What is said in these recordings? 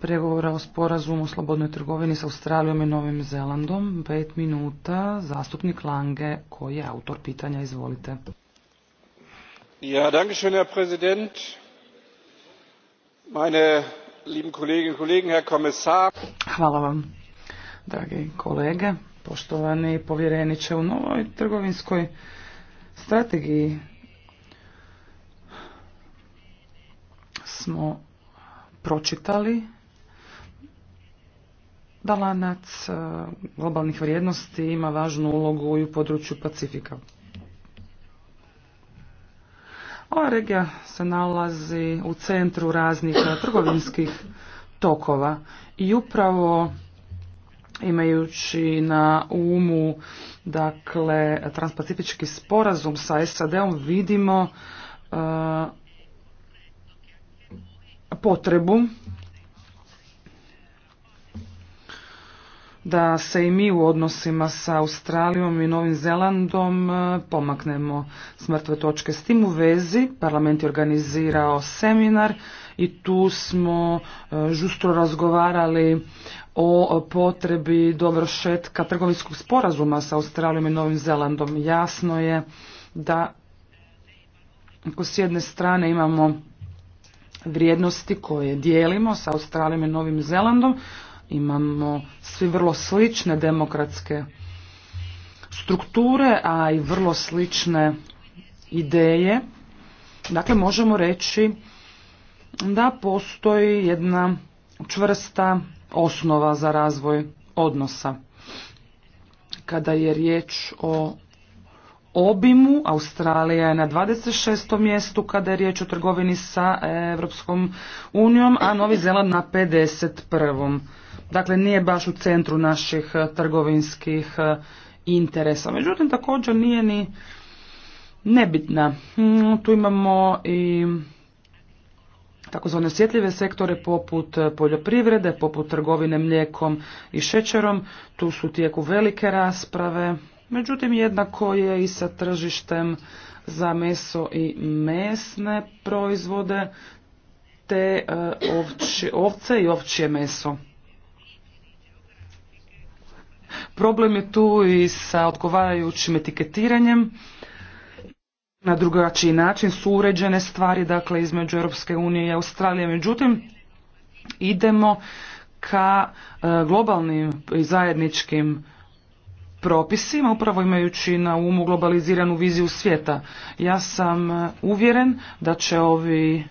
pregovora o sporazumu o slobodnoj trgovini s Australijom i Novim Zelandom. Pet minuta, zastupnik Lange, koji je autor pitanja, izvolite. Ja, danke schön, Herr Präsident. Meine lieben Herr Kommissar. Hvala vam, dragi kolege, poštovani povjereniče u novoj trgovinskoj strategiji smo pročitali Balanac e, globalnih vrijednosti ima važnu ulogu i u području Pacifika. Ova regija se nalazi u centru raznih e, trgovinskih tokova i upravo imajući na umu dakle transpacifički sporazum sa SAD-om vidimo e, potrebu da se i mi u odnosima sa Australijom i Novim Zelandom e, pomaknemo smrtve točke. S tim u vezi parlament je organizirao seminar i tu smo e, žustro razgovarali o potrebi dovršetka trgovinskog sporazuma sa Australijom i Novim Zelandom. Jasno je da ako s jedne strane imamo vrijednosti koje dijelimo sa Australijom i Novim Zelandom, imamo svi vrlo slične demokratske strukture, a i vrlo slične ideje. Dakle, možemo reći da postoji jedna čvrsta osnova za razvoj odnosa. Kada je riječ o obimu Australija je na 26. mjestu kada je riječ o trgovini sa Europskom unijom, a Novi Zeland na 51. Dakle, nije baš u centru naših trgovinskih e, interesa. Međutim, također nije ni nebitna. Mm, tu imamo i takozvane osjetljive sektore poput poljoprivrede, poput trgovine mlijekom i šećerom. Tu su tijeku velike rasprave Međutim, jednako je i sa tržištem za meso i mesne proizvode, te e, ovce i ovčje meso. Problem je tu i sa odgovarajućim etiketiranjem. Na drugačiji način su uređene stvari, dakle, između Europske unije i Australije. Međutim, idemo ka e, globalnim i zajedničkim propisima, upravo imajući na umu globaliziranu viziju svijeta. Ja sam e, uvjeren da će ovi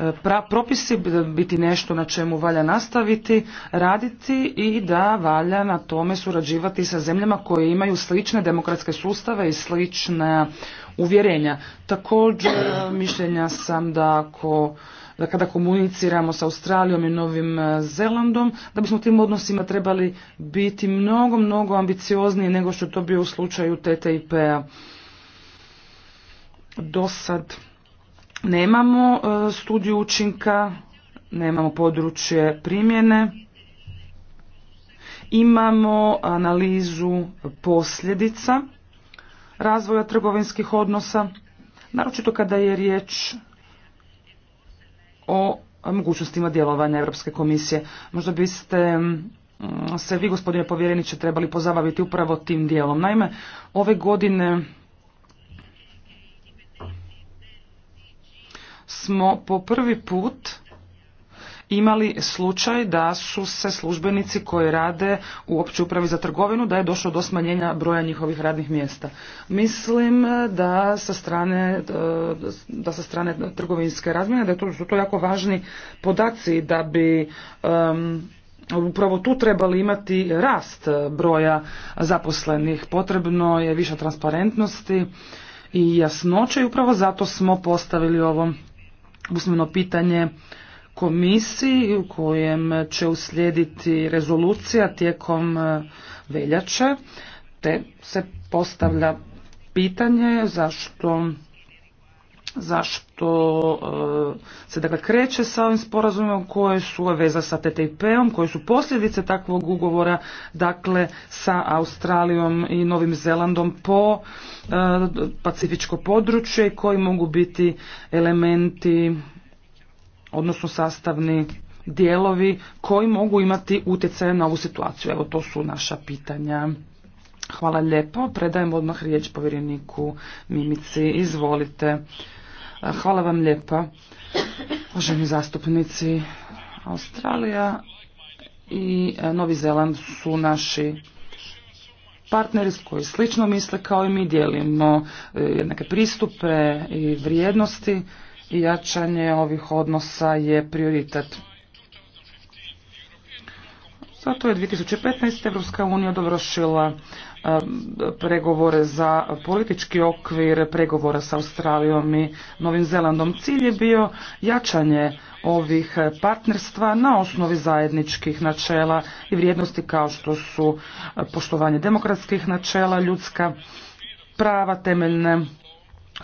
e, propisi biti nešto na čemu valja nastaviti, raditi i da valja na tome surađivati sa zemljama koje imaju slične demokratske sustave i slične uvjerenja. Također mišljenja sam da ako da kada komuniciramo sa Australijom i Novim e, Zelandom, da bismo tim odnosima trebali biti mnogo, mnogo ambiciozniji nego što je to bio u slučaju TTIP-a. Do sad nemamo e, studiju učinka, nemamo područje primjene, imamo analizu posljedica razvoja trgovinskih odnosa, naročito kada je riječ o mogućnostima djelovanja Europske komisije. Možda biste mm, se vi, gospodine povjereniče, trebali pozabaviti upravo tim dijelom. Naime, ove godine smo po prvi put imali slučaj da su se službenici koji rade u općoj upravi za trgovinu da je došlo do smanjenja broja njihovih radnih mjesta. Mislim e, da sa strane, e, da sa strane trgovinske razmjene da to, su to jako važni podaci da bi upravo tu trebali imati rast broja zaposlenih. Potrebno je više transparentnosti i jasnoće i upravo zato smo postavili ovo usmeno pitanje komisiji u kojem će uslijediti rezolucija tijekom e, veljače, te se postavlja pitanje zašto zašto e, se dakle kreće sa ovim sporazumom koje su veza sa TTIP-om, koje su posljedice takvog ugovora dakle sa Australijom i Novim Zelandom po e, pacifičko područje koji mogu biti elementi odnosno sastavni dijelovi koji mogu imati utjecaj na ovu situaciju. Evo to su naša pitanja. Hvala lijepo. Predajem odmah riječ povjereniku Mimici. Izvolite. Hvala vam lijepa. Uvaženi zastupnici, Australija i e, Novi Zeland su naši partneri koji slično misle kao i mi dijelimo e, jednake pristupe i vrijednosti jačanje ovih odnosa je prioritet. Zato je 2015. Evropska unija dovršila um, pregovore za politički okvir, pregovora sa Australijom i Novim Zelandom. Cilj je bio jačanje ovih partnerstva na osnovi zajedničkih načela i vrijednosti kao što su poštovanje demokratskih načela, ljudska prava, temeljne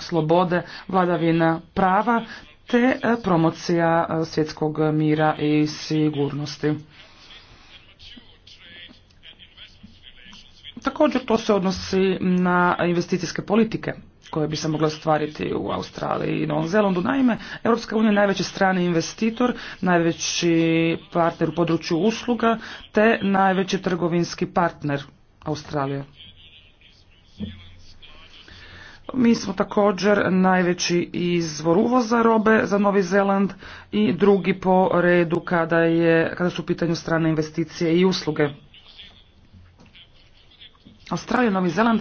slobode, vladavina prava te e, promocija e, svjetskog mira i sigurnosti. Također to se odnosi na investicijske politike koje bi se mogle ostvariti u Australiji i Novom Zelandu. Naime, Europska unija je najveći strani investitor, najveći partner u području usluga te najveći trgovinski partner Australije. Mi smo također najveći izvor uvoza robe za Novi Zeland i drugi po redu kada, je, kada su u pitanju strane investicije i usluge. Australija i Novi Zeland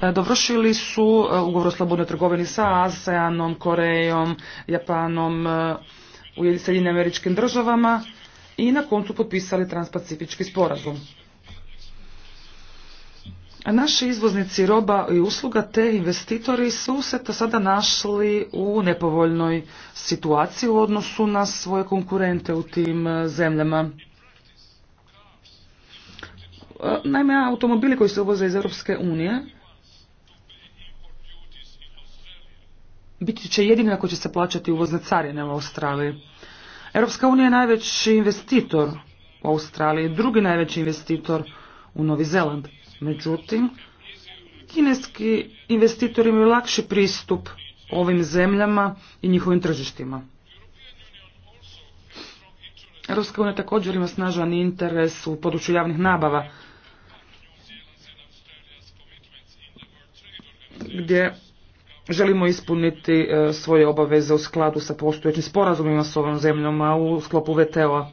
e, dovršili su e, ugovor o slobodnoj trgovini sa ASEANom, Korejom, Japanom, e, Ujedinjenim američkim državama i na koncu potpisali transpacifički sporazum. Naši izvoznici roba i usluga te investitori su se to sada našli u nepovoljnoj situaciji u odnosu na svoje konkurente u tim e, zemljama. E, naime, automobili koji se uvoze iz Europske unije biti će jedini ako će se plaćati uvozne carine u Australiji. Europska unija je najveći investitor u Australiji, drugi najveći investitor u Novi Zeland. Međutim, kineski investitori imaju lakši pristup ovim zemljama i njihovim tržištima. Ruska unija također ima snažan interes u području javnih nabava, gdje želimo ispuniti e, svoje obaveze u skladu sa postojećim sporazumima s ovom zemljom, a u sklopu VTO-a.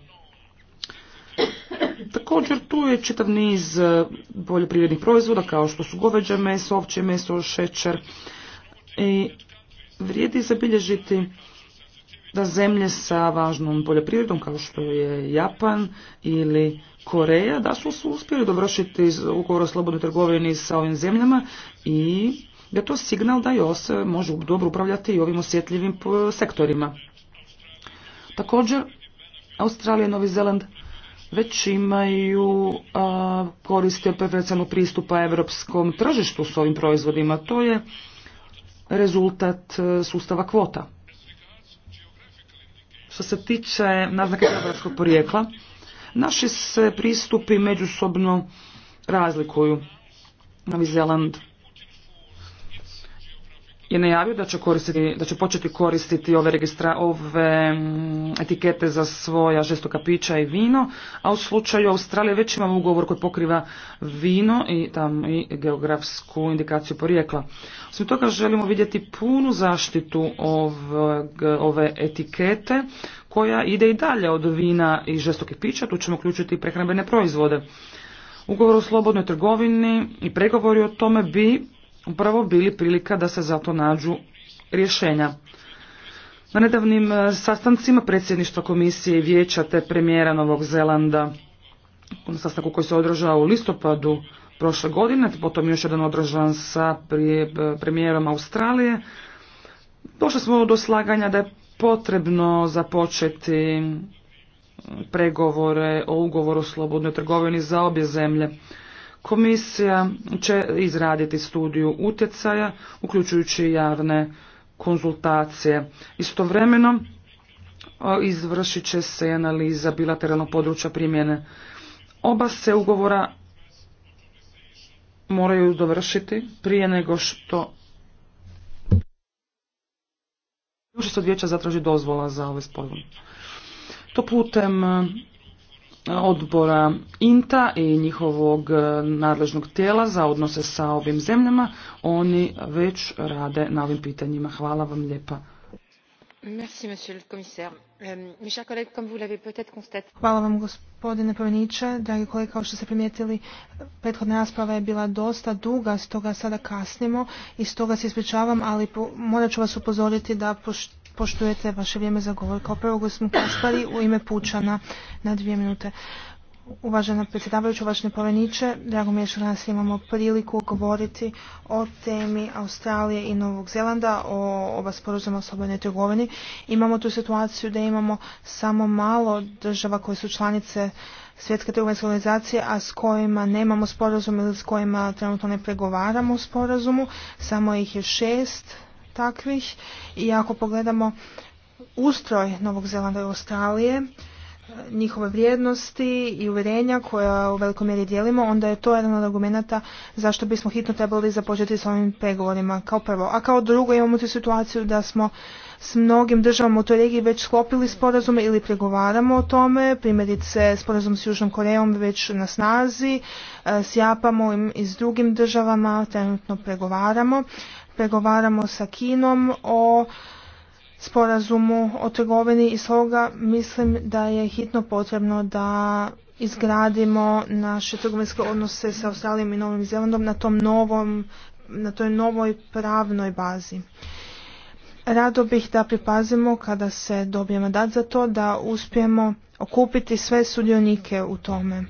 Također tu je čitav niz e, poljoprivrednih proizvoda kao što su goveđe meso, ovčje meso, šećer. I vrijedi zabilježiti da zemlje sa važnom poljoprivredom kao što je Japan ili Koreja da su uspjeli dovršiti ugovor o slobodnoj trgovini sa ovim zemljama i da je to signal da JOS može dobro upravljati i ovim osjetljivim sektorima. Također, Australija i Novi Zeland već imaju koristi od preferencijalnog pristupa europskom tržištu s ovim proizvodima. To je rezultat e, sustava kvota. Što se tiče naznaka geografskog porijekla, naši se pristupi međusobno razlikuju. Novi Zeland je najavio da će, koristiti, da će početi koristiti ove, registra, ove mm, etikete za svoja žestoka pića i vino, a u slučaju Australije već imamo ugovor koji pokriva vino i tam i geografsku indikaciju porijekla. Osim toga želimo vidjeti punu zaštitu ove, ove etikete koja ide i dalje od vina i žestokih pića, tu ćemo uključiti i prehrambene proizvode. Ugovor o slobodnoj trgovini i pregovori o tome bi upravo bili prilika da se za to nađu rješenja. Na nedavnim e, sastancima predsjedništva komisije i vijeća te premijera Novog Zelanda, na sastanku koji se održao u listopadu prošle godine, potom još jedan održan sa e, premijerom Australije, došli smo do slaganja da je potrebno započeti e, pregovore o ugovoru o slobodnoj trgovini za obje zemlje. Komisija će izraditi studiju utjecaja, uključujući javne konzultacije. Istovremeno e, izvršit će se analiza bilateralnog područja primjene. Oba se ugovora moraju dovršiti prije nego što učinjstvo se zatraži dozvola za ovaj sporazum. To putem odbora INTA i njihovog e, nadležnog tijela za odnose sa ovim zemljama. Oni već rade na ovim pitanjima. Hvala vam lijepa. Hvala vam gospodine povjereniče. Dragi kolege, kao što ste primijetili, prethodna rasprava je bila dosta duga, stoga sada kasnimo i stoga se ispričavam, ali morat ću vas upozoriti da pošto poštujete vaše vrijeme za govor. Kao prvo gospodin Kaspari u ime Pučana na dvije minute. Uvažena predsjedavajuća, uvaženi poveniče, drago mi je što danas imamo priliku govoriti o temi Australije i Novog Zelanda, o oba sporozuma o slobodnoj trgovini. Imamo tu situaciju da imamo samo malo država koje su članice svjetske trgovinske organizacije, a s kojima nemamo sporazum ili s kojima trenutno ne pregovaramo u sporazumu, samo ih je šest takvih i ako pogledamo ustroj Novog Zelanda i Australije, njihove vrijednosti i uvjerenja koja u velikoj mjeri dijelimo, onda je to jedan od argumenta zašto bismo hitno trebali započeti s ovim pregovorima, kao prvo. A kao drugo imamo tu situaciju da smo s mnogim državama u toj regiji već sklopili sporazume ili pregovaramo o tome, primjerice sporazum s Južnom Korejom već na snazi, e, s Japamo i s drugim državama trenutno pregovaramo pregovaramo sa Kinom o sporazumu o trgovini i sloga. mislim da je hitno potrebno da izgradimo naše trgovinske odnose sa Australijom i Novim Zelandom na tom novom na toj novoj pravnoj bazi. Rado bih da pripazimo kada se dobije mandat za to da uspijemo okupiti sve sudionike u tome.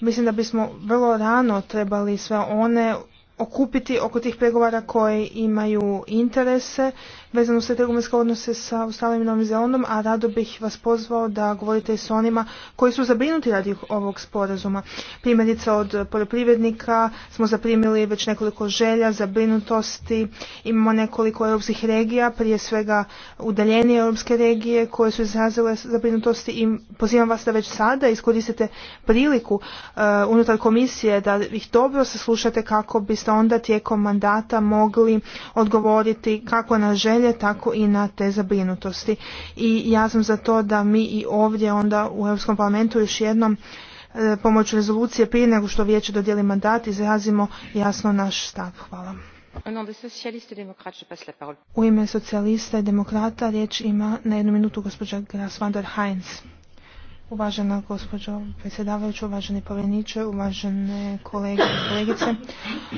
Mislim da bismo vrlo rano trebali sve one okupiti oko tih pregovara koji imaju interese vezano sve trgovinske odnose sa Australijom i Novim Zelandom, a rado bih vas pozvao da govorite i s onima koji su zabrinuti radi ovog sporazuma. Primjerice od poljoprivrednika smo zaprimili već nekoliko želja, zabrinutosti, imamo nekoliko europskih regija, prije svega udaljenije europske regije koje su izrazile zabrinutosti i pozivam vas da već sada iskoristite priliku eh, unutar komisije da ih dobro saslušate kako biste onda tijekom mandata mogli odgovoriti kako na želje volje, tako i na te zabrinutosti. I ja sam za to da mi i ovdje onda u Europskom parlamentu još jednom e, pomoću rezolucije prije nego što vijeće dodijeli mandat izrazimo jasno naš stav. Hvala. U ime socijalista i demokrata riječ ima na jednu minutu gospođa Gras van der Heinz. Uvažena gospođo predsjedavajuća, uvaženi povjereniče, uvažene kolege i kolegice,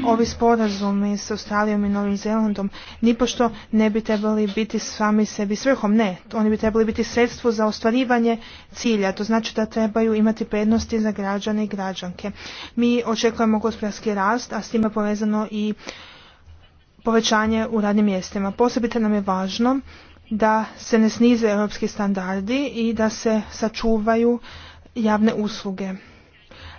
ovi sporazumi s Australijom i Novim Zelandom nipošto ne bi trebali biti sami sebi svrhom, ne, oni bi trebali biti sredstvo za ostvarivanje cilja, to znači da trebaju imati prednosti za građane i građanke. Mi očekujemo gospodarski rast, a s time povezano i povećanje u radnim mjestima. Posebite nam je važno da se ne snize europski standardi i da se sačuvaju javne usluge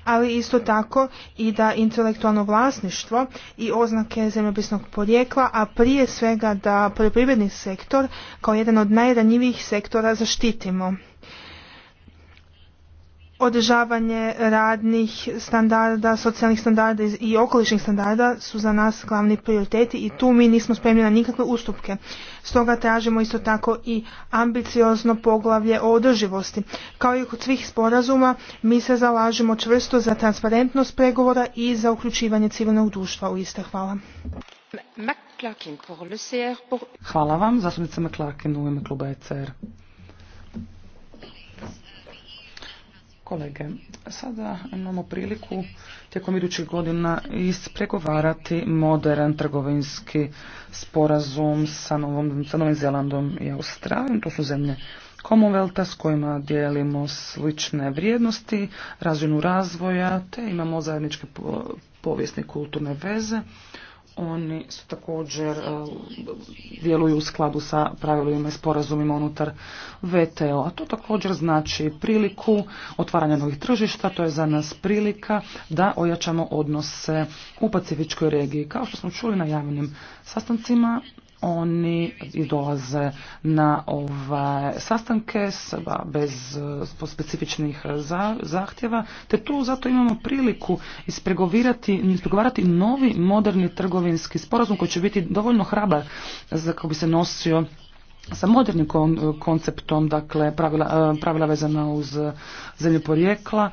ali isto tako i da intelektualno vlasništvo i oznake zemljopisnog porijekla, a prije svega da poljoprivredni sektor kao jedan od najranjivijih sektora zaštitimo održavanje radnih standarda, socijalnih standarda i okolišnih standarda su za nas glavni prioriteti i tu mi nismo spremni na nikakve ustupke. Stoga tražimo isto tako i ambiciozno poglavlje o održivosti. Kao i kod svih sporazuma, mi se zalažemo čvrsto za transparentnost pregovora i za uključivanje civilnog društva u iste. Hvala. Hvala vam, zastupnica McClarkin u ime kluba ECR. Kolege, sada imamo priliku tijekom idućih godina ispregovarati modern trgovinski sporazum sa, Novom, Novim Zelandom i Australijom. To su zemlje Commonwealtha s kojima dijelimo slične vrijednosti, razinu razvoja, te imamo zajedničke povijesne kulturne veze. Oni su također e, djeluju u skladu sa pravilima i sporazumima unutar VTO, a to također znači priliku otvaranja novih tržišta, to je za nas prilika da ojačamo odnose u Pacifičkoj regiji. Kao što smo čuli na javnim sastancima, oni dolaze na ove sastanke bez eh, specifičnih eh, zahtjeva, te tu zato imamo priliku ispregovarati novi moderni trgovinski sporazum koji će biti dovoljno hrabar kako bi se nosio sa modernim konceptom, dakle pravila, e, pravila vezana uz e, zemlju porijekla,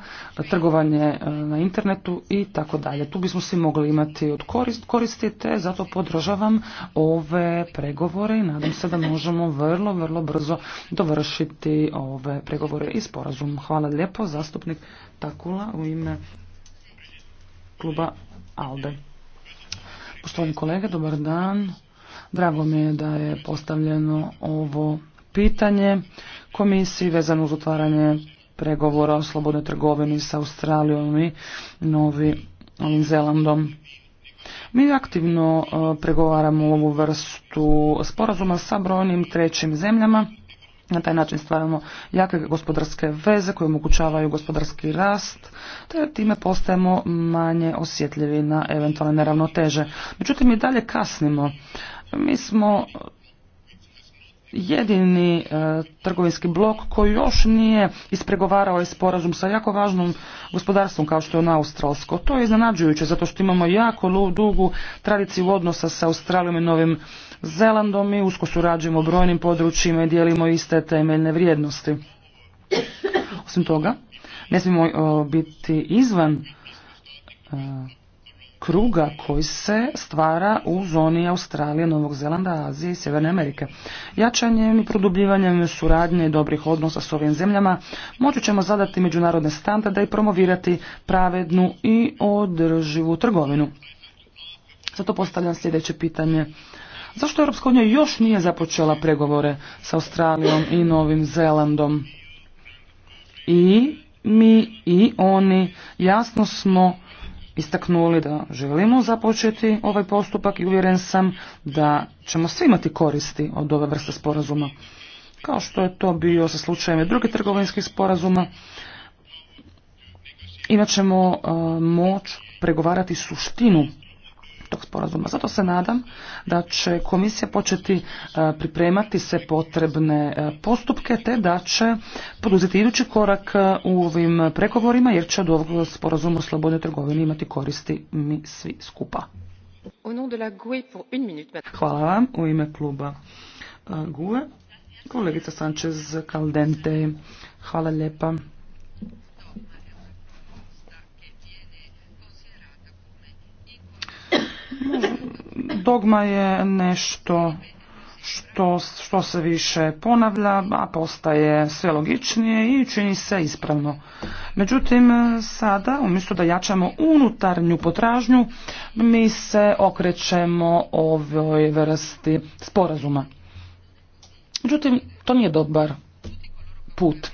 trgovanje e, na internetu i tako dalje. Tu bismo svi mogli imati od korist, koristite, zato podržavam ove pregovore i nadam se da možemo vrlo, vrlo brzo dovršiti ove pregovore i sporazum. Hvala lijepo, zastupnik Takula u ime kluba ALDE. Poštovani kolege, dobar dan. Drago mi je da je postavljeno ovo pitanje komisiji vezano uz otvaranje pregovora o slobodnoj trgovini sa Australijom i Novi Novim Zelandom. Mi aktivno e, pregovaramo ovu vrstu sporazuma sa brojnim trećim zemljama. Na taj način stvaramo jake gospodarske veze koje omogućavaju gospodarski rast, te time postajemo manje osjetljivi na eventualne neravnoteže. Međutim, i dalje kasnimo. Mi smo jedini e, trgovinski blok koji još nije ispregovarao i ovaj sporazum sa jako važnom gospodarstvom kao što je ono australsko. To je iznenađujuće zato što imamo jako dugu tradiciju odnosa sa Australijom i Novim Zelandom i usko surađujemo brojnim područjima i dijelimo iste temeljne vrijednosti. Osim toga, ne smijemo e, biti izvan e, kruga koji se stvara u zoni Australije, Novog Zelanda, Azije i Sjeverne Amerike. Jačanjem i produbljivanjem suradnje i dobrih odnosa s ovim zemljama moći ćemo zadati međunarodne standarde i promovirati pravednu i održivu trgovinu. Zato postavljam sljedeće pitanje. Zašto Europska unija još nije započela pregovore sa Australijom i Novim Zelandom? I mi i oni jasno smo istaknuli da želimo započeti ovaj postupak i uvjeren sam da ćemo svi imati koristi od ove vrste sporazuma. Kao što je to bio sa slučajem drugih trgovinskih sporazuma, imat ćemo e, moć pregovarati suštinu sporazuma. Zato se nadam da će komisija početi e, pripremati se potrebne e, postupke te da će poduzeti idući korak e, u ovim pregovorima jer će od ovog sporazuma o slobodnoj trgovini imati koristi mi svi skupa. Hvala vam u ime kluba GUE. Kolegica Sanchez Caldente, hvala lijepa. Dogma je nešto što, što se više ponavlja, a postaje sve logičnije i čini se ispravno. Međutim, sada, umjesto da jačamo unutarnju potražnju, mi se okrećemo ovoj vrsti sporazuma. Međutim, to nije dobar put.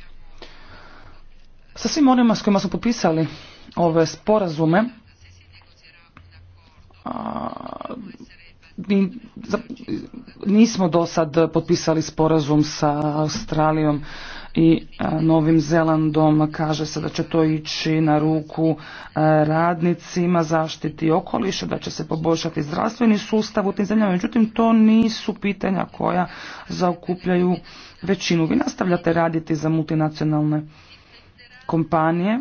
Sa svim onima s kojima smo potpisali ove sporazume, nismo do sad potpisali sporazum sa Australijom i Novim Zelandom. Kaže se da će to ići na ruku radnicima, zaštiti okoliša, da će se poboljšati zdravstveni sustav u tim zemljama. Međutim, to nisu pitanja koja zaokupljaju većinu. Vi nastavljate raditi za multinacionalne kompanije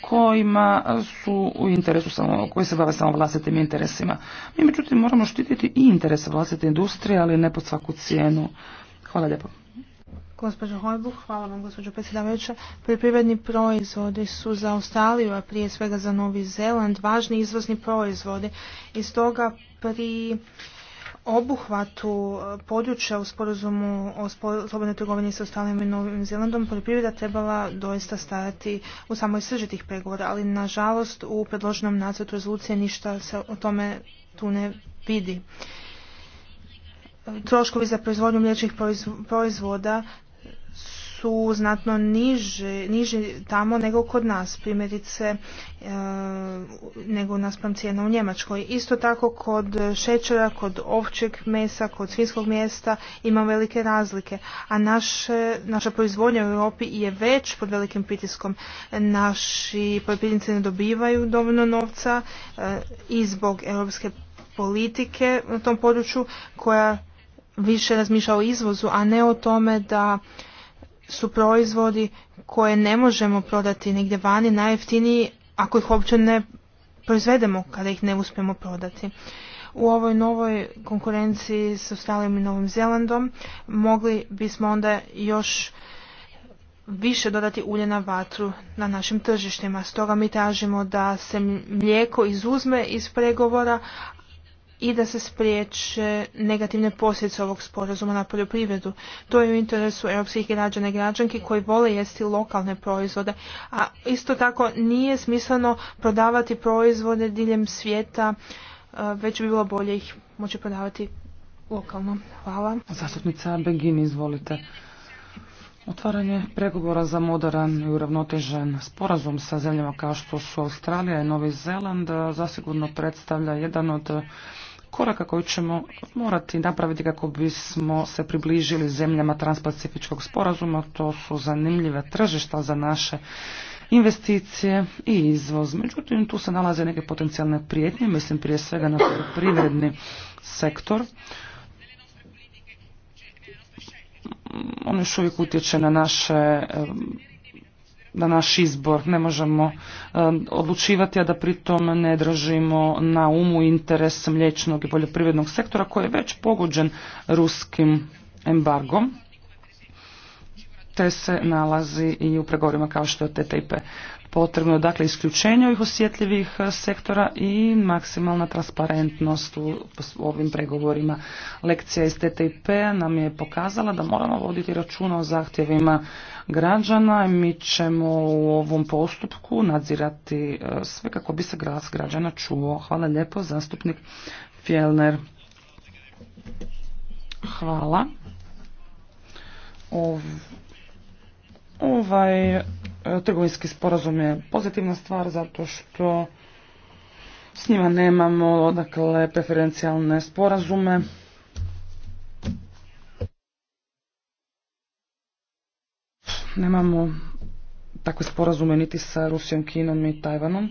kojima su u interesu samo, koji se bave samo vlastitim interesima. Mi međutim moramo štititi i interese vlastite industrije, ali ne pod svaku cijenu. Hvala lijepo. Gospođo Hojbuh, hvala vam gospođo predsjedavajuća. Poljoprivredni proizvodi su za Australiju, a prije svega za Novi Zeland, važni izvozni proizvodi. I stoga pri obuhvatu e, područja u sporazumu o slobodnoj trgovini sa Australijom i Novim Zelandom poljoprivreda trebala doista stajati u samoj srži tih pregovora, ali nažalost u predloženom nacrtu rezolucije ništa se o tome tu ne vidi. E, troškovi za proizvodnju mliječnih proizvoda su znatno niži, tamo nego kod nas, primjerice e, nego naspram cijena u Njemačkoj. Isto tako kod šećera, kod ovčeg mesa, kod svinskog mjesta ima velike razlike, a naše, naša proizvodnja u Europi je već pod velikim pritiskom. Naši poljoprivrednici ne dobivaju dovoljno novca e, i zbog europske politike na tom području koja više razmišlja o izvozu, a ne o tome da su proizvodi koje ne možemo prodati negdje vani najjeftiniji ako ih uopće ne proizvedemo kada ih ne uspijemo prodati. U ovoj novoj konkurenciji s Australijom i Novim Zelandom mogli bismo onda još više dodati ulje na vatru na našim tržištima. Stoga mi tražimo da se mlijeko izuzme iz pregovora, i da se spriječe negativne posljedice ovog sporazuma na poljoprivredu. To je u interesu europskih građana i građanki koji vole jesti lokalne proizvode, a isto tako nije smisleno prodavati proizvode diljem svijeta, e, već bi bilo bolje ih moći prodavati lokalno. Hvala. Zastupnica Begin, izvolite. Otvaranje pregovora za moderan i uravnotežen sporazum sa zemljama kao što su Australija i Novi Zeland zasigurno predstavlja jedan od koraka koji ćemo morati napraviti kako bismo se približili zemljama transpacifičkog sporazuma. To su zanimljive tržišta za naše investicije i izvoz. Međutim, tu se nalaze neke potencijalne prijetnje, mislim prije svega na privredni sektor. On još uvijek utječe na naše na naš izbor. Ne možemo odlučivati, a da pritom ne držimo na umu interes mliječnog i poljoprivrednog sektora koji je već pogođen ruskim embargom te se nalazi i u pregovorima kao što je TTIP potrebno je dakle isključenje ovih osjetljivih e, sektora i maksimalna transparentnost u ovim pregovorima. Lekcija iz TTIP p-a nam je pokazala da moramo voditi računa o zahtjevima građana i mi ćemo u ovom postupku nadzirati e, sve kako bi se građana čuo. Hvala lijepo, zastupnik Fjellner. Hvala. Ovaj e, trgovinski sporazum je pozitivna stvar zato što s njima nemamo odakle preferencijalne sporazume. Nemamo takve sporazume niti sa Rusijom, Kinom i Tajvanom.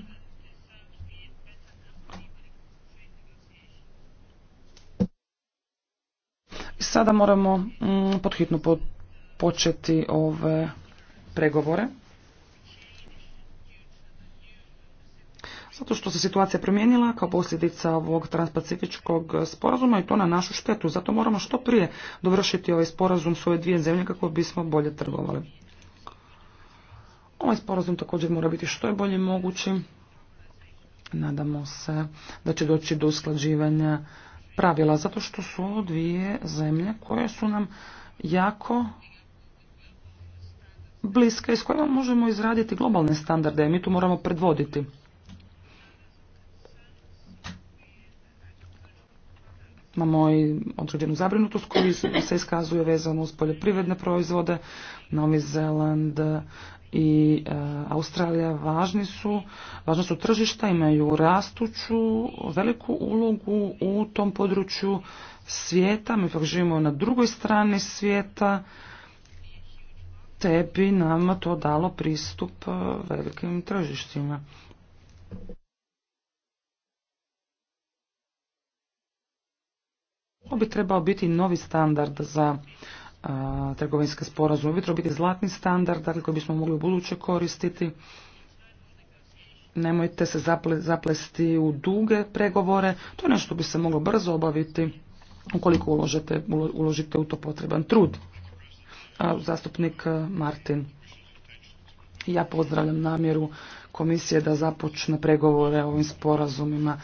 I sada moramo mm, podhitno početi ove pregovore. Zato što se situacija promijenila kao posljedica ovog transpacifičkog sporazuma i to na našu štetu. Zato moramo što prije dovršiti ovaj sporazum s ove dvije zemlje kako bismo bolje trgovali. Ovaj sporazum također mora biti što je bolje mogući. Nadamo se da će doći do usklađivanja pravila, zato što su dvije zemlje koje su nam jako bliska i s kojima možemo izraditi globalne standarde i mi tu moramo predvoditi. Imamo i određenu zabrinutost koju se iskazuje vezano uz poljoprivredne proizvode. Novi Zeland i e, Australija važni su, važna su tržišta, imaju rastuću veliku ulogu u tom području svijeta. Mi pak živimo na drugoj strani svijeta te bi nam to dalo pristup e, velikim tržištima. Ovo bi trebao biti novi standard za e, trgovinske sporazume. Ovo bi trebao biti zlatni standard dakle, koji bismo mogli u buduće koristiti. Nemojte se zaplesti u duge pregovore. To je nešto bi se moglo brzo obaviti ukoliko uložite u to potreban trud. Zastupnik e, Martin. Ja pozdravljam namjeru komisije da započne pregovore o ovim sporazumima.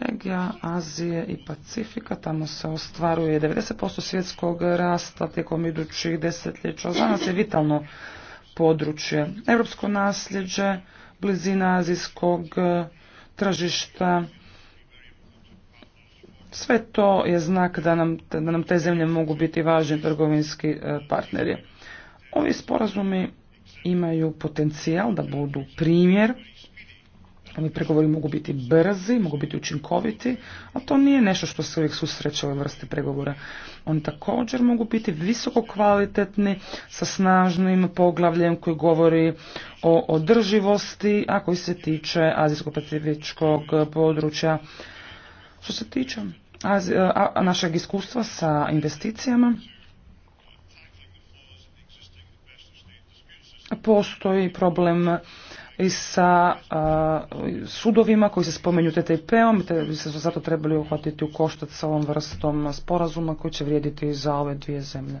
Regija Azije i Pacifika, tamo se ostvaruje 90% svjetskog rasta tijekom idućih desetljeća. Za nas je vitalno područje. Europsko nasljeđe, blizina azijskog e, tržišta, sve to je znak da nam, da nam te zemlje mogu biti važni trgovinski e, partneri. Ovi sporazumi imaju potencijal da budu primjer. Ovi pregovori mogu biti brzi, mogu biti učinkoviti, a to nije nešto što se uvijek susreće ove vrste pregovora. Oni također mogu biti visoko kvalitetni sa snažnim poglavljem koji govori o održivosti, a koji se tiče azijsko-pacifičkog područja. Što se tiče E, našeg iskustva sa investicijama. Postoji problem i sa e, sudovima koji se spomenju TTIP-om, te bi se zato trebali uhvatiti u koštac sa ovom vrstom sporazuma koji će vrijediti za ove dvije zemlje.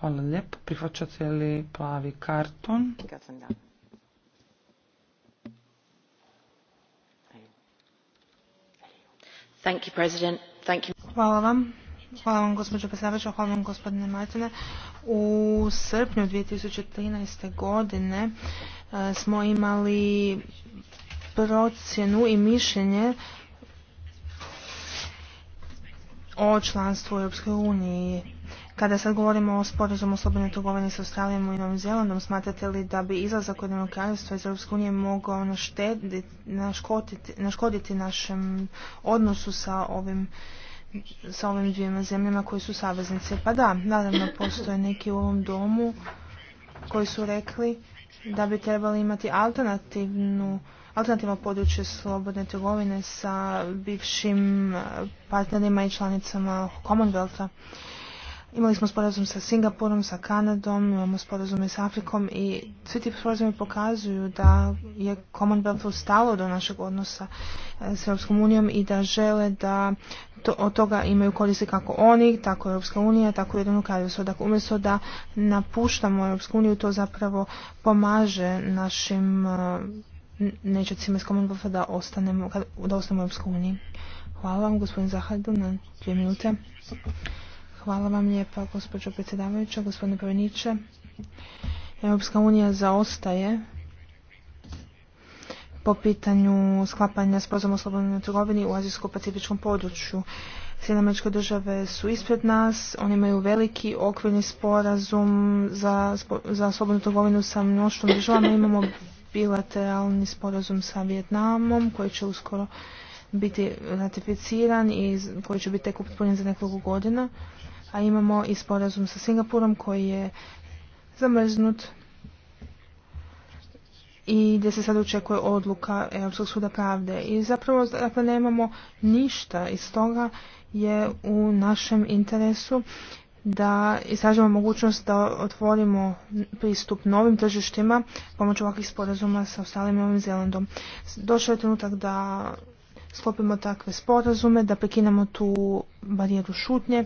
Hvala lijepo. Prihvaćate li plavi karton? Thank you, President. Hvala vam. Hvala vam gospođo Pesavača, hvala vam gospodine Martine. U srpnju 2013. godine e, smo imali procjenu i mišljenje o članstvu u Europskoj kada sad govorimo o sporazumu o slobodnoj trgovini s Australijom i Novim Zelandom, smatrate li da bi izlazak jednog kraljevstva iz Europske unije mogao naštediti, naškoditi, naškoditi našem odnosu sa ovim sa ovim dvijema zemljama koji su saveznice. Pa da, naravno postoje neki u ovom domu koji su rekli da bi trebali imati alternativnu alternativno područje slobodne trgovine sa bivšim partnerima i članicama Commonwealtha. Imali smo sporazum sa Singapurom, sa Kanadom, imamo sporazume sa Afrikom i svi ti sporazumi pokazuju da je Commonwealth stalo do našeg odnosa eh, s Europskom unijom i da žele da to, od toga imaju koristi kako oni, tako Europska unija, tako jedno kraljevstvo. Dakle, umjesto da napuštamo Europsku uniju, to zapravo pomaže našim eh, nečecima iz Commonwealtha da ostanemo, da ostanemo u Europskoj uniji. Hvala vam, gospodin Zahardu, na dvije minute. Hvala vam lijepa, gospođo predsjedavajuća, gospodine Poveniče. Europska unija zaostaje po pitanju sklapanja sporazuma o slobodnoj trgovini u azijsko-pacifičkom području. američke države su ispred nas, oni imaju veliki okvirni sporazum za, slobodnu trgovinu sa mnoštvom državama. Imamo bilateralni sporazum sa Vjetnamom koji će uskoro biti ratificiran i koji će biti tek upotpunjen za nekoliko godina a imamo i sporazum sa Singapurom koji je zamrznut i gdje se sad očekuje odluka Europskog suda pravde. I zapravo dakle, nemamo ništa iz toga je u našem interesu da istražimo mogućnost da otvorimo pristup novim tržištima pomoću ovakvih sporazuma sa ostalim Novim Zelandom. Došao je trenutak da sklopimo takve sporazume, da prekinemo tu barijeru šutnje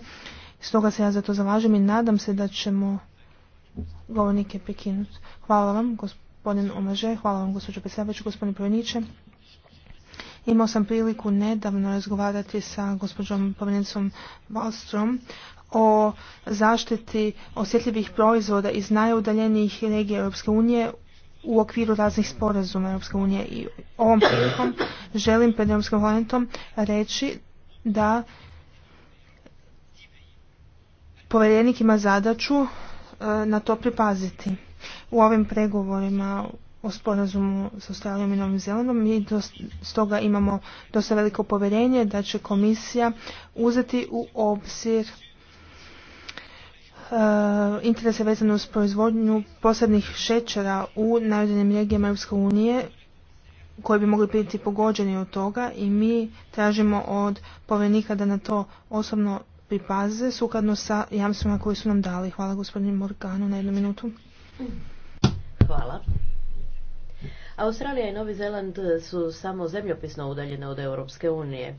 Stoga se ja za to zalažem i nadam se da ćemo govornike prekinuti. Hvala vam, gospodin Omaže, hvala vam, gospođo predsjedavajući, gospodin Prveniće. Imao sam priliku nedavno razgovarati sa gospođom povjerenicom Wallstrom o zaštiti osjetljivih proizvoda iz najudaljenijih regija Europske unije u okviru raznih sporazuma Europske unije i ovom prilikom želim pred Europskim parlamentom reći da povjerenik ima zadaću e, na to pripaziti. U ovim pregovorima o sporazumu sa Australijom i Novim Zelandom mi stoga imamo dosta veliko povjerenje da će komisija uzeti u obzir e, interese vezane uz proizvodnju posebnih šećera u navedenim regijama EU unije koji bi mogli biti pogođeni od toga i mi tražimo od povjerenika da na to osobno pripaze sukladno sa jamstvima koji su nam dali. Hvala gospodinu Morganu na jednu minutu. Hvala. Australija i Novi Zeland su samo zemljopisno udaljene od Europske unije.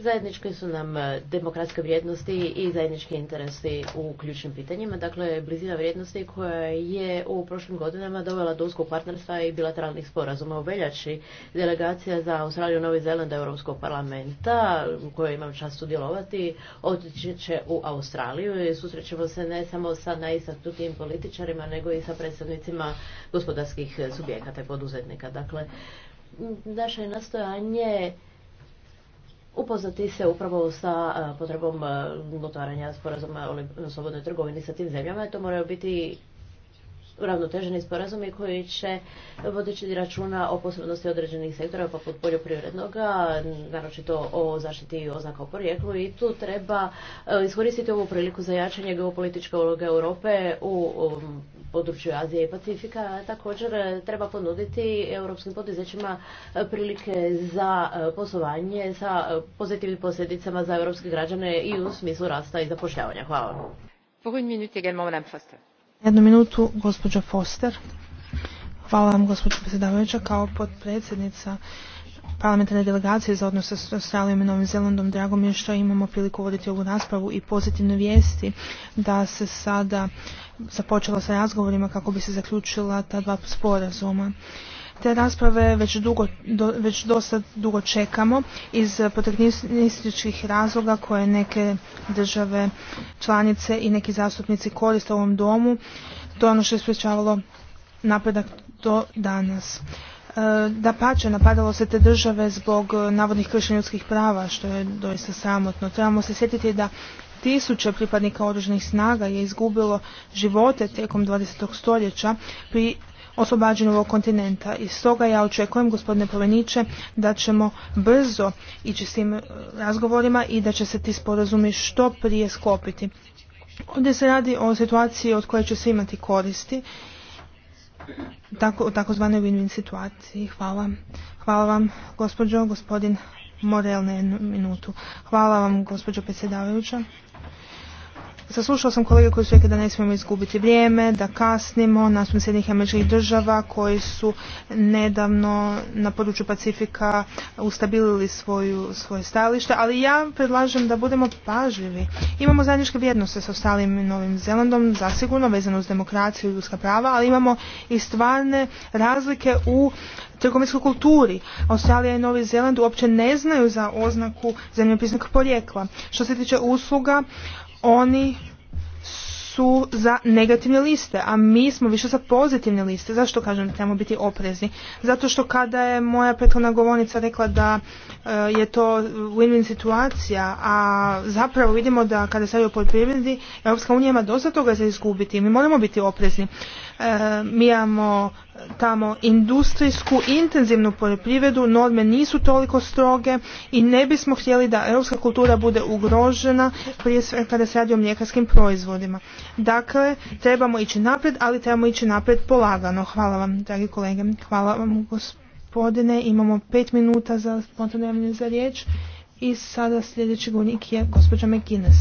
Zajednički su nam e, demokratske vrijednosti i zajednički interesi u ključnim pitanjima. Dakle, blizina vrijednosti koja je u prošlim godinama dovela do uskog partnerstva i bilateralnih sporazuma. U veljači delegacija za Australiju, Novi Zeland, Europskog parlamenta, u kojoj imam čast sudjelovati, otići će u Australiju i susrećemo se ne samo sa najistaknutijim političarima, nego i sa predstavnicima gospodarskih subjekata i poduzetnika. Dakle, naše nastojanje upoznati se upravo sa e, potrebom e, otvaranja sporazuma o slobodnoj trgovini sa tim zemljama. to moraju biti uravnoteženi sporazumi koji će vodeći računa o posebnosti određenih sektora poput poljoprivrednog, naročito o zaštiti oznaka o porijeklu i tu treba e, iskoristiti ovu priliku za jačanje geopolitičke uloge Europe u području Azije i Pacifika, također e, treba ponuditi europskim poduzećima e, prilike za e, poslovanje sa pozitivnim posljedicama za europske građane i u smislu rasta i zapošljavanja. Hvala. Jednu minutu, gospođa Foster. Hvala vam gospođo predsjedavajuća kao potpredsjednica parlamentarne delegacije za odnose s Australijom i Novim Zelandom. Drago mi je što imamo priliku voditi ovu raspravu i pozitivne vijesti da se sada započela sa razgovorima kako bi se zaključila ta dva sporazuma. Te rasprave već, dugo, već dosta dugo čekamo iz potrebnističkih razloga koje neke države članice i neki zastupnici koriste u ovom domu. To je ono što je sprječavalo napredak do danas. E, da pače, napadalo se te države zbog e, navodnih kršenja ljudskih prava, što je doista sramotno. Trebamo se sjetiti da tisuće pripadnika oružnih snaga je izgubilo živote tijekom 20. stoljeća pri oslobađanju ovog kontinenta. I stoga ja očekujem, gospodine Poveniće, da ćemo brzo ići s tim e, razgovorima i da će se ti sporazumi što prije sklopiti. Ovdje se radi o situaciji od koje će se imati koristi tako, u takozvanoj win-win situaciji. Hvala. Hvala vam, gospođo, gospodin Morel na jednu minutu. Hvala vam, gospođo predsjedavajuća. Saslušao sam kolege koji su rekli da ne smijemo izgubiti vrijeme, da kasnimo, na Sjednih američkih država koji su nedavno na području Pacifika ustabilili svoju, svoje stajalište, ali ja predlažem da budemo pažljivi. Imamo zajedničke vrijednosti sa ostalim Novim Zelandom, zasigurno vezano uz demokraciju i ljudska prava, ali imamo i stvarne razlike u trgovinskoj kulturi. Australija i Novi Zeland uopće ne znaju za oznaku zemljopisnog porijekla. Što se tiče usluga, oni su za negativne liste, a mi smo više za pozitivne liste. Zašto kažem da trebamo biti oprezni? Zato što kada je moja prethodna govornica rekla da e, je to win-win situacija, a zapravo vidimo da kada se radi o poljoprivredi, Europska unija ima dosta toga za izgubiti. Mi moramo biti oprezni. Eh, mi imamo tamo industrijsku intenzivnu poljoprivredu, norme nisu toliko stroge i ne bismo htjeli da europska kultura bude ugrožena prije sve kada se radi o mljekarskim proizvodima. Dakle, trebamo ići naprijed, ali trebamo ići naprijed polagano. Hvala vam, dragi kolege. Hvala vam, gospodine. Imamo pet minuta za spontano za riječ i sada sljedeći govornik je gospođa McGuinness.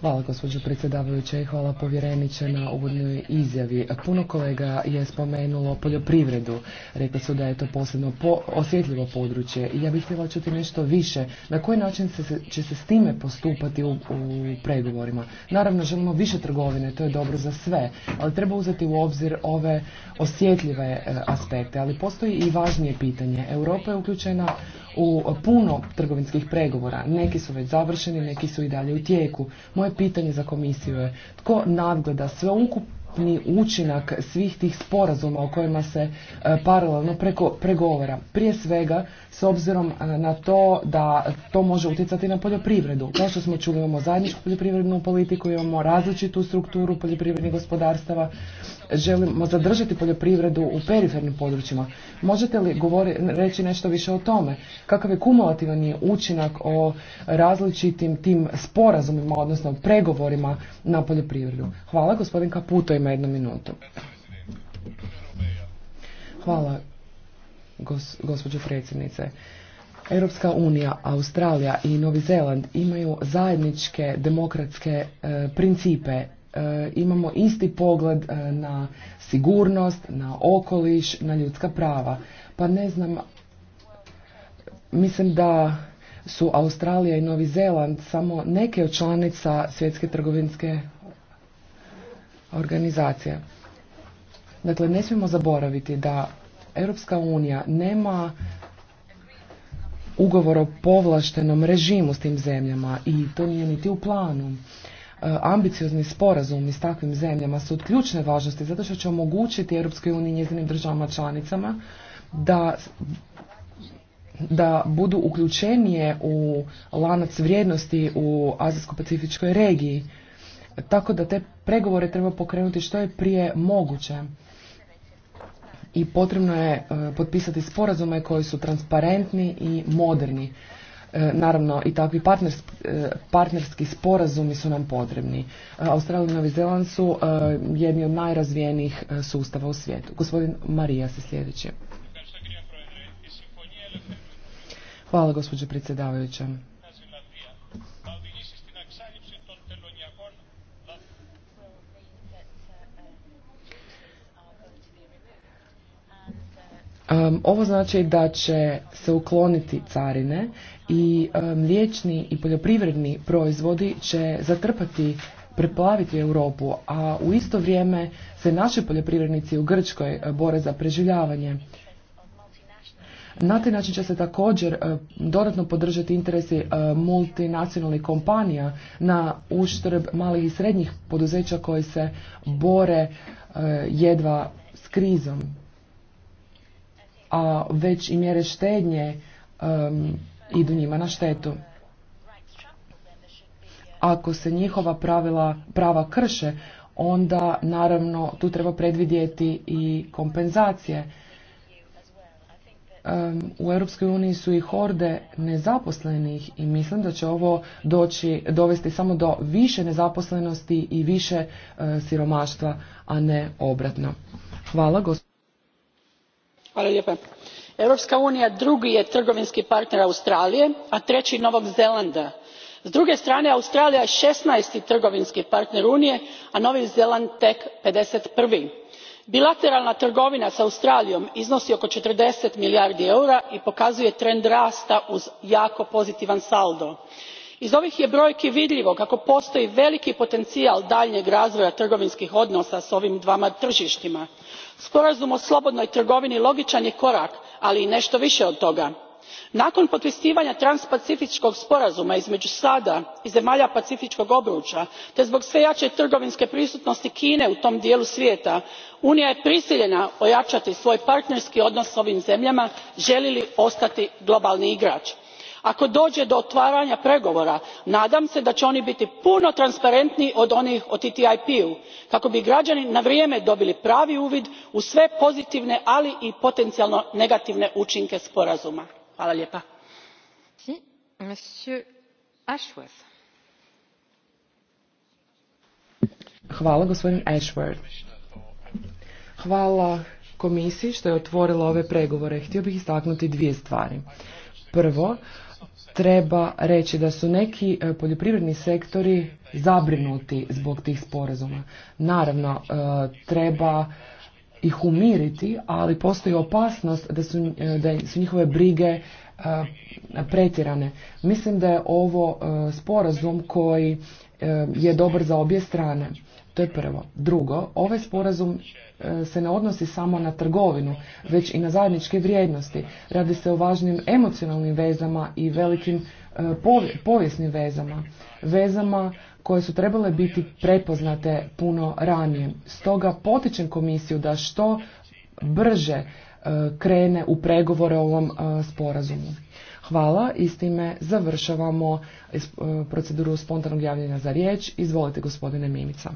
Hvala gospođo predsjedavajuće i hvala povjereniče na uvodnoj izjavi. Puno kolega je spomenulo poljoprivredu. Rekli su da je to posebno osjetljivo područje i ja bih htjela čuti nešto više. Na koji način se, će se s time postupati u, pregovorima? Naravno, želimo više trgovine, to je dobro za sve, ali treba uzeti u obzir ove osjetljive e, aspekte. Ali postoji i važnije pitanje. Europa je uključena u puno trgovinskih pregovora. Neki su već završeni, neki su i dalje u tijeku. Moje pitanje za komisiju je tko nadgleda ukup, ni učinak svih tih sporazuma o kojima se e, paralelno preko, pregovara. Prije svega, s obzirom e, na to da to može utjecati na poljoprivredu. Kao što smo čuli, imamo zajedničku poljoprivrednu politiku, imamo različitu strukturu poljoprivrednih gospodarstava, želimo zadržati poljoprivredu u perifernim područjima. Možete li govori, reći nešto više o tome? Kakav je kumulativan učinak o različitim tim sporazumima, odnosno pregovorima na poljoprivredu? Hvala, gospodin Kaputo jednu minutu. Hvala, gospođo predsjednice. Europska unija, Australija i Novi Zeland imaju zajedničke demokratske e, principe. E, imamo isti pogled e, na sigurnost, na okoliš, na ljudska prava. Pa ne znam, mislim da su Australija i Novi Zeland samo neke od članica svjetske trgovinske organizacija. Dakle, ne smijemo zaboraviti da Europska unija nema ugovor o povlaštenom režimu s tim zemljama i to nije niti u planu. E, ambiciozni sporazumi s takvim zemljama su od ključne važnosti zato što će omogućiti Europskoj uniji i njezinim državama članicama da da budu uključenije u lanac vrijednosti u Azijsko-Pacifičkoj regiji tako da te pregovore treba pokrenuti što je prije moguće i potrebno je e, potpisati sporazume koji su transparentni i moderni. E, naravno, i takvi e, partnerski sporazumi su nam potrebni. Australija i Novi Zeland su jedni od najrazvijenijih sustava u svijetu. Gospodin Marija se sljedeće. Hvala, gospođo predsjedavajuća. Um, ovo znači da će se ukloniti carine i mliječni i poljoprivredni proizvodi će zatrpati, preplaviti Europu, a u isto vrijeme se naši poljoprivrednici u Grčkoj e, bore za preživljavanje. Na taj način će se također e, dodatno podržati interesi e, multinacionalnih kompanija na uštrb malih i srednjih poduzeća koji se bore jedva s krizom a već i mjere štednje idu njima na štetu. Ako se njihova pravila, prava krše, onda naravno tu treba predvidjeti i kompenzacije. u Europskoj uniji su i horde nezaposlenih i mislim da će ovo doći, dovesti samo do više nezaposlenosti i više eh, siromaštva, a ne obratno. Hvala gospodinu gospodine predsjedniče europska unija drugi je trgovinski partner australije a treći novog zelanda. s druge strane australija je šesnaesti trgovinski partner unije a novi zeland tek. fifty jedan bilateralna trgovina s australijom iznosi oko forty milijardi eura i pokazuje trend rasta uz jako pozitivan saldo. iz ovih je brojki vidljivo kako postoji veliki potencijal daljnjeg razvoja trgovinskih odnosa s ovim dvama tržištima sporazum o slobodnoj trgovini logičan je korak ali i nešto više od toga. nakon potpisivanja transpacifičkog sporazuma između sad a i zemalja pacifičkog obruča te zbog sve jače trgovinske prisutnosti kine u tom dijelu svijeta unija je prisiljena ojačati svoj partnerski odnos s ovim zemljama želi li ostati globalni igrač ako dođe do otvaranja pregovora nadam se da će oni biti puno transparentniji od onih o ttip u kako bi građani na vrijeme dobili pravi uvid u sve pozitivne ali i potencijalno negativne učinke sporazuma. Hvala Hvala komisiji što je otvorila ove pregovore. Htio bih istaknuti dvije stvari. Prvo, treba reći da su neki e, poljoprivredni sektori zabrinuti zbog tih sporazuma. Naravno, e, treba ih umiriti, ali postoji opasnost da su, e, da njihove brige pretirane. Mislim da je ovo sporazum koji je dobar za obje strane. To je prvo. Drugo, ovaj sporazum e, se ne odnosi samo na trgovinu, već i na zajedničke vrijednosti. Radi se o važnim emocionalnim vezama i velikim e, povijesnim vezama. Vezama koje su trebale biti prepoznate puno ranije. Stoga potičem komisiju da što brže e, krene u pregovore o ovom sporazumu. Hvala i s time završavamo proceduru spontanog javljanja za riječ. Izvolite gospodine Mimica.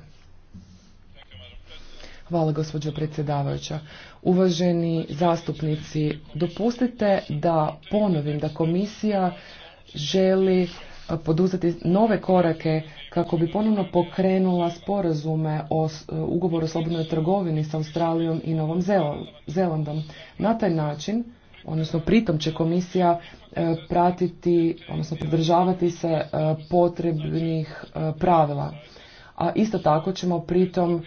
Hvala gospođo predsjedavajuća. Uvaženi zastupnici, dopustite da ponovim da komisija želi eh, poduzeti nove korake kako bi ponovno pokrenula sporazume o eh, ugovoru o slobodnoj trgovini sa Australijom i Novom Zelandom. Na taj način, odnosno pritom će komisija eh, pratiti, odnosno podržavati se potrebnih pravila. A isto tako ćemo pritom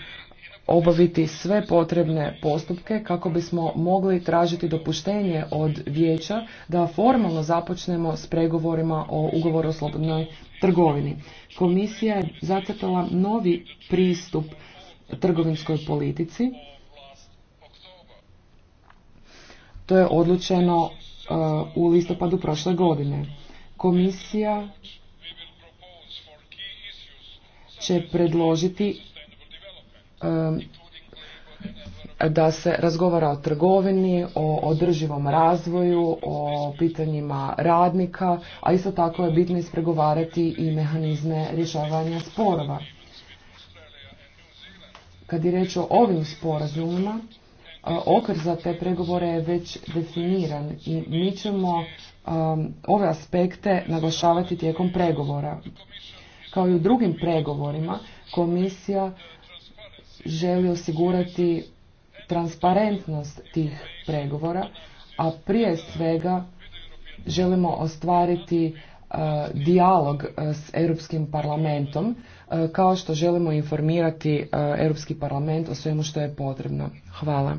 obaviti sve potrebne postupke kako bismo mogli tražiti dopuštenje od vijeća da formalno započnemo s pregovorima o ugovoru o slobodnoj trgovini. Komisija je zacrtala novi pristup trgovinskoj politici. To je odlučeno uh, u listopadu prošle godine. Komisija će predložiti da se razgovara o trgovini, o održivom razvoju, o pitanjima radnika, a isto tako je bitno ispregovarati i mehanizme rješavanja sporova. Kad je reč o ovim sporazumima, e, okvir za te pregovore je već definiran i mi ćemo ove aspekte naglašavati tijekom pregovora. Kao i u drugim pregovorima, komisija želi osigurati transparentnost tih pregovora, a prije svega želimo ostvariti dialog e, dijalog e, s Europskim parlamentom, e, kao što želimo informirati Europski parlament o svemu što je potrebno. Hvala.